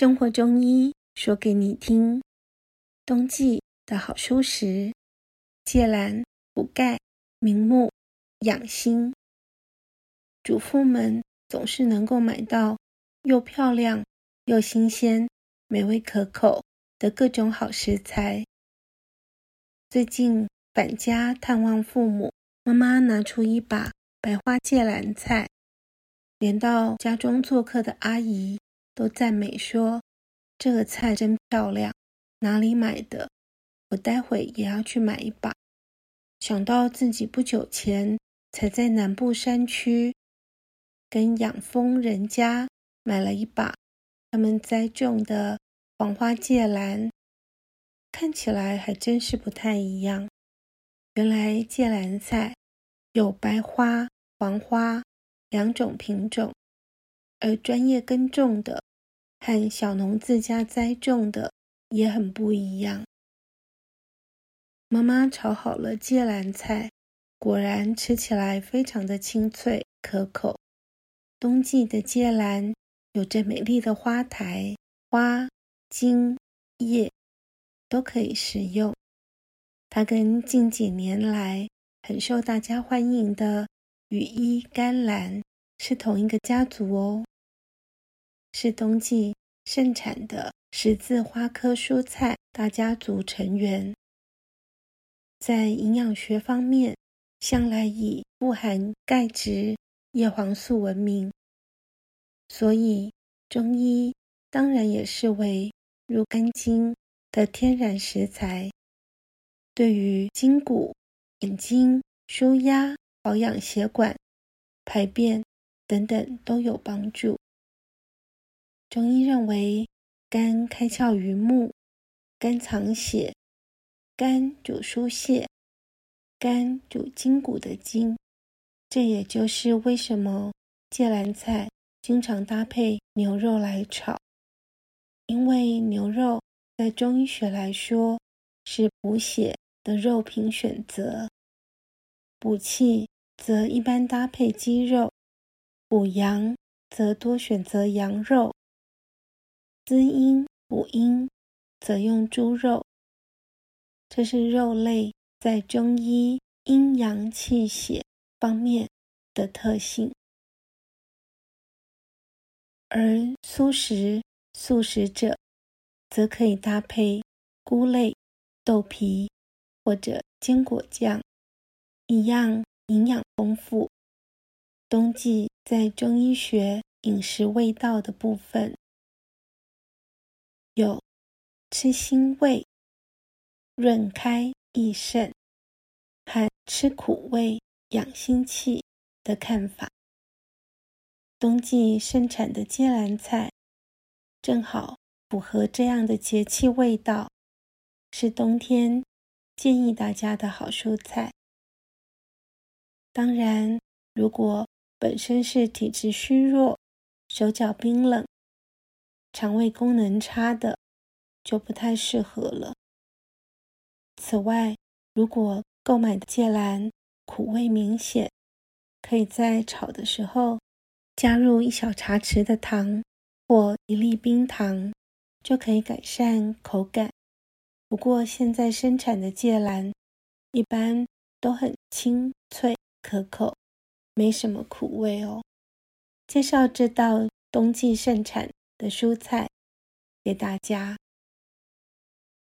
生活中醫說給你聽：冬季的好蔬食，芥蘭補鈣、明目、養心。主婦們總是能夠買到又漂亮、又新鮮、美味可口的各種好食材。最近返家探望父母，媽媽拿出一把白花芥蘭菜，連到家中做客的阿姨。都讚美說，這個菜真漂亮，哪裡買的？我待會也要去買一把。想到自己不久前才在南部山區跟養蜂人家買了一把他們栽種的黃花芥蘭，看起來還真是不太一樣。原來芥蘭菜有白花、黃花兩種品種，而專業耕種的。和小農自家栽種的也很不一樣。媽媽炒好了芥蘭菜，果然吃起來非常的清脆可口。冬季的芥蘭有着美麗的花苔，花莖葉都可以食用。它跟近幾年來很受大家歡迎的羽衣甘藍是同一個家族哦。是冬季盛產的十字花科蔬菜大家族成員，在營養學方面，向來以富含鈣質、葉黃素聞名，所以中醫當然也視為入肝經的天然食材，對於筋骨、眼睛、舒壓、保養血管、排便等等都有幫助。中醫認為，肝開竅於目，肝藏血，肝主疏洩，肝主筋骨的筋。這也就是為什麼芥蘭菜經常搭配牛肉來炒，因為牛肉在中醫學來說是補血的肉品選擇。補氣則一般搭配雞肉，補陽則多選擇羊肉。滋陰補陰，則用豬肉，這是肉類在中醫陰陽氣血方面的特性。而素食素食者，則可以搭配菇類、豆皮或者堅果醬，一樣營養豐富。冬季在中醫學飲食味道的部分，有吃辛味潤開益腎，還吃苦味養心氣的看法。冬季盛產的芥蘭菜正好符合這樣的節氣味道，是冬天建議大家的好蔬菜。當然，如果本身是體質虛弱、手腳冰冷，腸胃功能差的，就不太適合了。此外，如果購買的芥蘭苦味明顯，可以在炒的時候加入一小茶匙的糖或一粒冰糖，就可以改善口感。不過現在生產的芥蘭一般都很清脆可口，沒什麼苦味哦。介紹這道冬季盛產。的蔬菜，給大家。